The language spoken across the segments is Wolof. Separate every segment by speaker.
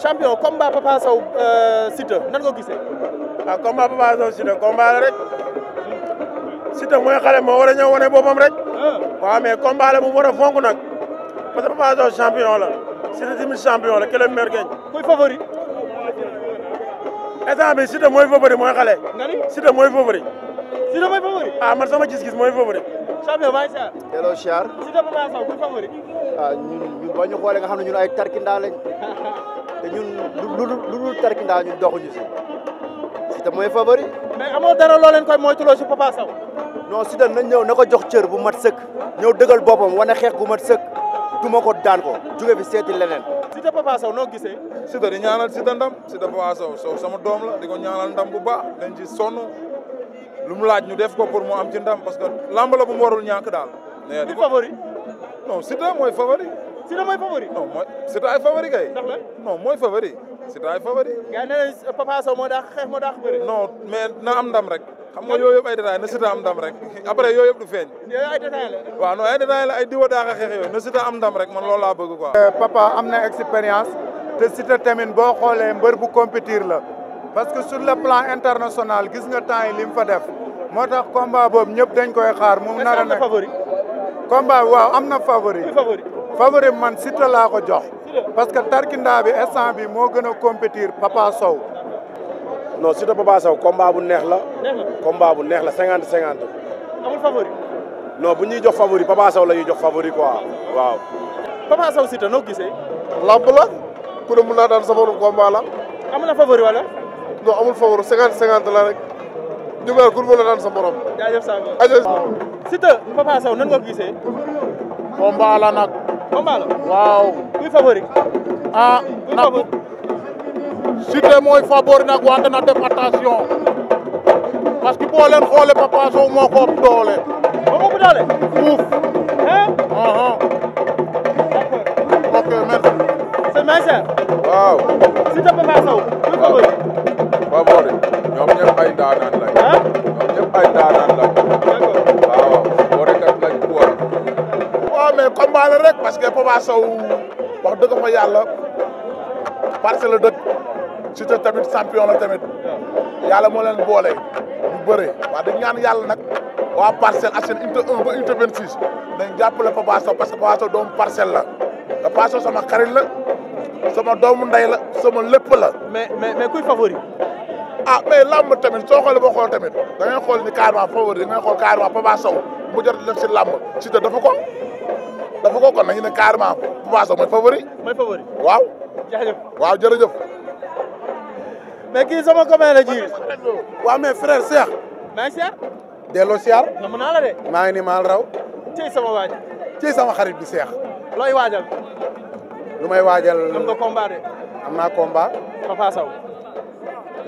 Speaker 1: champion combat Papa Sow euh, Siteu nan nga ko gisee. waaw ah, combat Papa Sow Siteu combat la rek Siteu mooy xale moo war a ñëw wane boppam rek. Ah. waaw mais combat la mu war a fonk nag parce que Papa Sow champion la Siteu tamit champion la kële meer kuy favori. instant bi Siteu mooy favori mooy mooy favori. Siteu ah, champion maa ngi hello Chiar. Siteu Papa Sow ñu boo ñu xoolee nga xam ne ñun ay te ñun lu lu lu tarkindaa ñun doxuñu si Siteu mooy favori. mais amoo dara loo leen koy moytuloo si Papa Sow. non Siteu na ñëw na ko jox cër bu mat sëkk. ñëw dëgal boppam wane xeex bu mat sëkk duma ko daan ko jóge fi seeti leneen. Siteu Papa Sow noo gisee. Siteu di ñaanal Siteu ndam Siteu Papa Sow Sow sama doom la di ko ñaanal ndam bu baax dañ ci sonn lu mu laaj ñu def ko pour mu am ci ndam parce que lamb la bu mu warul ñàkk daal. di favori non Siteu mooy Siteu mooy favori. non mooy Siteu ay favori kay. ndax la non mooy favori. Siteu ay favori. gars mais na am ndam rek. xam nga yooyu yëpp ay détails na Siteu am ndam rek après yooyu yëpp du feeñ. yooyu ay détails la. ay détails la ay diwa daax a xeex yooyu na Siteu am ndam rek man loolu laa bëgg quoi. Euh, Papa am na expérience te Siteu tamit boo xoolee mbër bu compétir la parce que sur le plan international gis nga temps yi li mu fa def moo tax combat boobu ñëpp dañ koy xaar mu nar a nekk combat waaw am na favori. favori. favori man Siteu laa ko jox parce que tarkindaa bi instant moo gën a compétir Papa Sow non Siteu Papa Sow combat bu neex la combat bu neex la cinquante cinquante amul favori non bu ñuy jox favori Papa Sow la ñuy jox favori quoi waaw Papa Sow Siteu noo gisee làmb la ku ne mën naa daan safarum combat la am favori wala non amul favori cinquante cinquante la rek ñu mel ku ne mën a daan sa borom Papa Sow nan nga ko gisee combat nag combat la. waaw. kuy favori. ah na Siteu mooy favori nag wante na def attention parce que boo leen xoolee Papa Sow moo ko ëpp doole. moo ko doole. fuuf. Papa Sow wax dëgg fa yàlla parcelle la dëkk tamit champion la tamit yàlla moo leen boole ñu bëree waaw dañ ñaan yàlla nag waa a Assainies unité 1 ba unité 26 dañ jàppale Papa Sow parce que Papa Sow doomu parcelle la Papa sama xarit la sama doomu ndey la sama lépp la. mais mais mais kuy favori. ah mais làmb tamit soo xoolee boo xool tamit da ngay xool ni carrément favori da ngay xool carrément Papa Sow mu jot def si làmb Siteu dafa ko. la ko kon nañu ne carrément Papa Sow mooy favori. waaw. jaajëf waaw jërëjëf. mais kii sama commune la ji. waaw mais frère Cheikh. dello ngi siyaar. na mën naa de. maa ngi ni maal raw. cey sama waaj. cey sama xarit bi Cheikh. looy waajal. lu may waajal. am nga combat de. am naa combat. Papa Sow.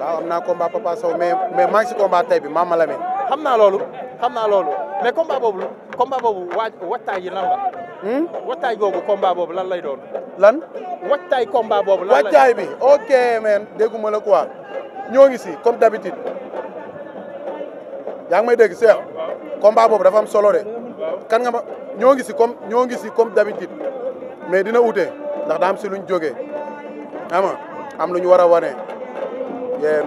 Speaker 1: waaw am naa combat Papa Sow mais mais maa ngi si xam naa loolu xam naa loolu mais combat boobu combat boobu waaj waajtaay yi Hmm? wattaay googu combat boobu lan lay doon. lan wattaay combat boobu. lan lay bi ok man dégguma la quoi ñoo ngi si comme d'habitude yaa ngi may dégg Cheikh combat boobu dafa am solo de kan nga ma ñoo ngi si comme ñoo ngi si comme d'habitude mais dina ute ndax daam am si luñ jógee am lu ñu war a wane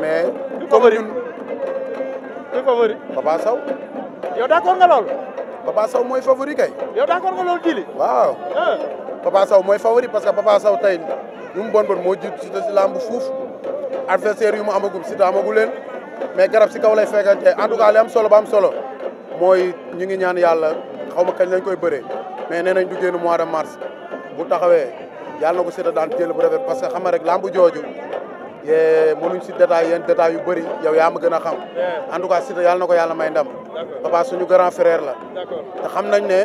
Speaker 1: mais. comme ñun favori favori Papa Sow yow d'accord nga lool Papa Sow mooy favori kay. yow d'accord nga loolu jili waaw ah. Papa mooy favori parce que Papa Sow tey ñu mu bon moo jiitu Siteu si làmb fuuf adversaire yu mu amagum Siteu amagu leen mais garab si kaw lay fekkante en tout cas li am solo ba am solo mooy ñu ngi ñaan yàlla xaw ma kañ lañ koy bëree mais nee nañ du génn mois de mars bu taxawee yàlla na ko Siteu daan jël bu parce que xam nga rek làmb jooju. yee mënuñ si détail yenn détail yu bëri yow yaa ma gën a xam en tout cas Siteu yàlla na ko yàlla may ndam papa ñu grand frère la te xam nañ ne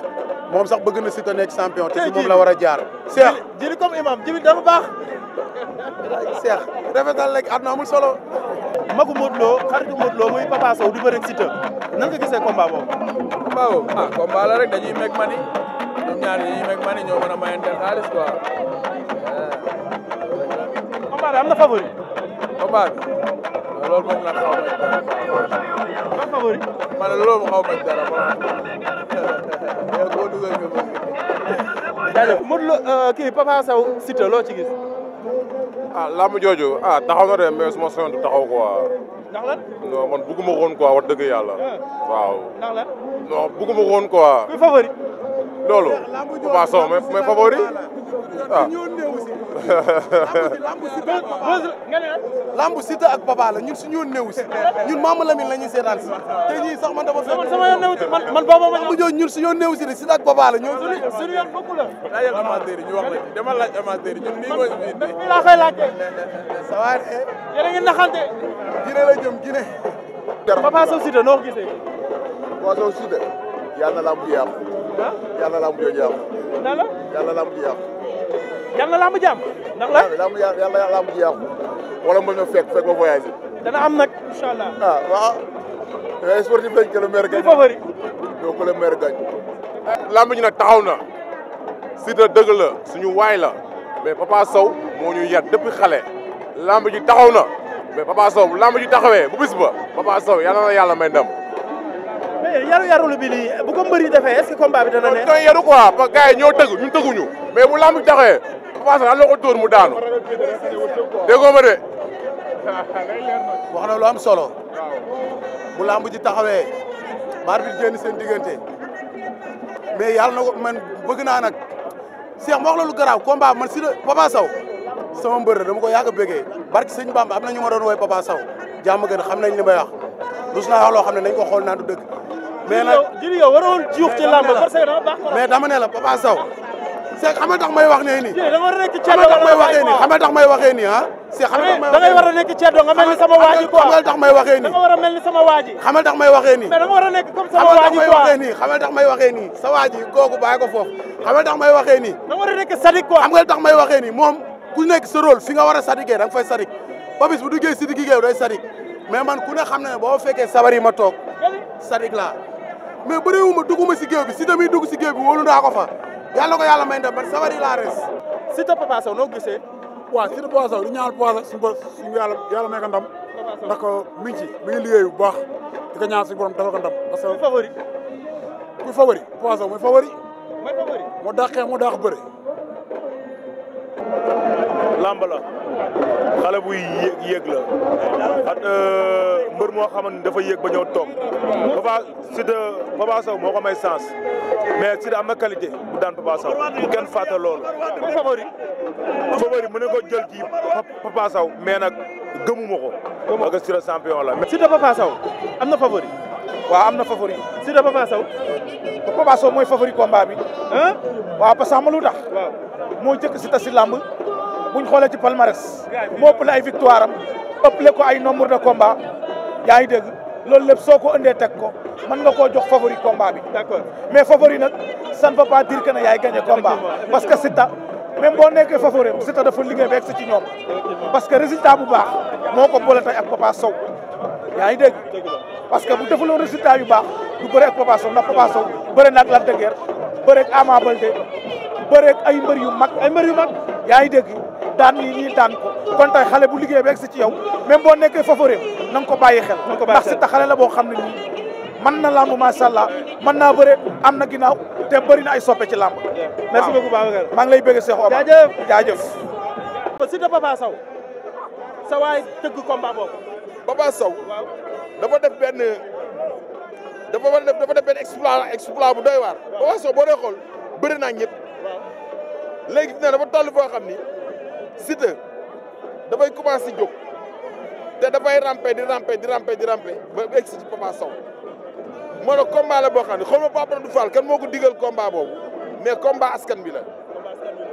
Speaker 1: moom sax bëgg na Siteu nekk champion te si moom la war a jaar Cheikh jiri comme imam jibi dafa baax Cheikh rafetal rek àdduna amul solo magu Modou Lo xaritu Modou Lo muy Papa Sow di bëri Siteu nan a gisee combat boobu combat boobu ah combat rek dañuy meg mani ñoom ñaar mani ñoo mën a mayante xaalis quoi combat am combat bi loolu moom xaw ma dara. ma euh, kii Papa Sow Siteu loo ci gis. ah làmb jooju ah taxaw na de mais suma soñoon du taxaw quoi. ndax lan. non man bëgguma woon quoi wax dëgg yàlla. Ah. waaw ndax lan. non bëgguma woon quoi. favori. loolu. Papa Sow mais favori. waaw lambu Siteu ak Papa la ñun suñu yoon néew si ñun Mama Lamine la ñuy seetaan si te ñii sax man dafa fekk sama yoon néew si man man boobu ma ñëw ñun suñu yoon néew si de Siteu ak Papa la ñoo suñu yoon bokku la laajal amateur yi ñu wax la dama laaj amateur yi ñun nii mooy nii laa koy eh? a ngi naxante Guinée la jëm Guinée Papa Sow Siteu noo ko gisee Papa Sow Siteu yàlla lamb ji yàqu yàlla na làmb jàmm ndax la làmb yàlla na làmb ji yàqu wala mën na fekk fekk ma voyage dana am nag incha allah ah waaw eh, sportif lañ que le maire gagne favori donc que làmb ji nag taxaw na Siteu dëgg la suñu waay la mais Papa Sow moo ñu yar depuis xale làmb ji taxaw na mais Papa Sow bu làmb ji taxawee bu bis ba Papa Sow yàlla na yàlla may mais yaru yarulu bi nii bu ko yi defee est-ce que combat bi dana ne. doy yaru quoi parce que gars yi ñoo tëgg ñun tëgguñu mais bu lamb taxee Papa Sow la ko dóor mu daanu déggoo ma de. wax na lu am solo bu lamb ji taxawee baar bi génn seen diggante mais yàlla na ko man bëgg naa nag Cheikh ma wax la lu garaaw combat man si Papa Sow sama mbër dama ko yàgg a bëggee barki sëñ Bamba am na ñu ma doon woy Papa Sow jàmm gën xam nañ li may wax naa wax loo xam ne nañ ko xool naa du dëgg. mais nag jëli yow waroon juux mais dama ne la Papa Sow c'est xam nga tax may wax nee nii may waxee nii xam nga tax may waxee nii ah c'est xam nga da a nekk ceedo nga mel ni sama waaji quoi xam nga tax may waxee nii a mel waaji xam nga tax may waxee nii a nekk may waxee nii xam may waxee sa waaji kooku bàyyi ko foofu xam nga may waxee nii da a nekk sadik may waxee moom ku nekk sa rôle fi nga war a sadikee da nga fay sadik Papis bu duggee si diggi géew sadik mais man ku ne xam ne boo fekkee sabar yi ma toog sadik laa mais bëriwuma dugguma si géew bi si tamit dugg si géew bi ko fa yàlla ko yàlla may ndam man sabar yi laa res si noo gisee waaw si ta Papa Sow di ñaan Papa Sow suñu borom suñu may ko baax di ko ñaan suñu borom dafa ko ndam parce que favori ku favori Papa Sow mooy favori moo xale bu yéeg yéeg la at euh, mbër moo xamante ni dafa yéeg ba ñëw toog Papa Siteu Papa Sow moo ko may sens mais Siteu am na qualité bu daan Papa Sow bu kenn fàtte loolu favori favori mën na ko jël ci Papa Sow mais nag gëmuma ko parce que Siteu champion la a Papa Sow am na favori waaw am na favori Siteu Papa Papa Sow mooy favori combat bi ah waaw parce tax moo jëkk Siteu si làmb buñ xoolee ci palmarès moo ëpp la ay victoire am ko ay nombre de combat yaa ngi dégg loolu lépp soo ko ëndee teg ko mën nga koo jox favori combat bi. d'accord mais favori nag ça ne veut pas dire que ne yaay gagné combat parce que Siteu même boo nekkee favori am Siteu dafa liggéey beeg si ci ñoom parce que résultat bu baax moo ko boole tey ak Papa Sow yaa ngi dégg. parce que bu defaloon résultat yu baax du bëre ak Papa Sow ndax Papa Sow bëre na ak Lac de Guiers bëre ay mbër mag ay yu mag. yaa ngi dégg daan lii ñii daan ko kon tey xale bu liggéey beeg si ci yow même boo nekkee favori nan ko bàyyi xel ndax si tax xale la boo xam ne nii man na làmb macha allah mën naa bëre am na ginnaaw te bëri na ay soppe ci làmb merci beaucoup Babacar maa ngi lay bëgg Cheikh Omar jaajëf jaajëf Siteu Papa Sow sa waay tëgg combat boobu Papa Sow dafa def benn dafa def dafa def benn exploit exploit bu doy waar Papa Sow boo dee xool bëri naa ñëpp léegi fi ne dafa toll foo xam ni Siteu dafay commencé jóg te dafay rampe di rampe di rampe di rampe ba egg si ci moo tax combat boo xam ne xaw ma Papa du Fall kan moo ko digal combat boobu mais combat askan bi la.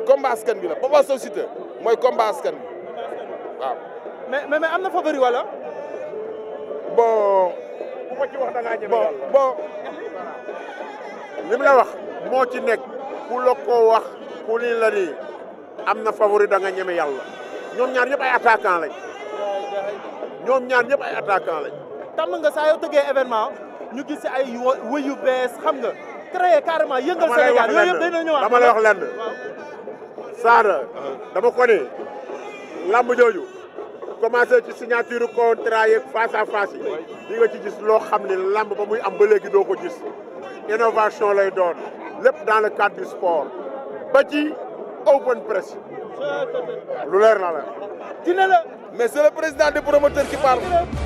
Speaker 1: combat askan bi la Papa mooy combat askan waaw. mais mais am na favori wala. bon. bu ma ci wax da ngaa ñeme bon bon. la wax moo ci nekk ku la wax. ku lii la nii am na favori da nga ñeme yàlla ñoom ñaar ñëpp ay attaquant lañ ñoom ñaar ñëpp ay attaquant lañ tàmm nga saa yoo tëggee événement ñu gis si ay wëyu bees xam nga créé carrément yëngal Sénégal yooyu yëpp dina ñëwaat dama lay wax lenn Saara dama ko ne lamb jooju commencé ci signature contrat yeeg face à di nga ci gis loo xam ne lamb ba muy am ba léegi doo ko gis innovation lay doon lépp dans le cat du sport ba ci open press lu leer naa la. dina la mais c'est le président des promoteurs qui parle.